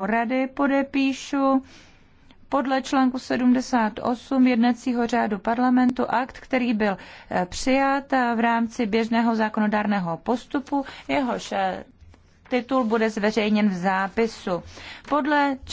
rady podepíšu podle článku 78 jednacího řádu parlamentu akt, který byl eh, přijat eh, v rámci běžného zákonodárného postupu. Jehož eh, titul bude zveřejněn v zápisu. Podle článku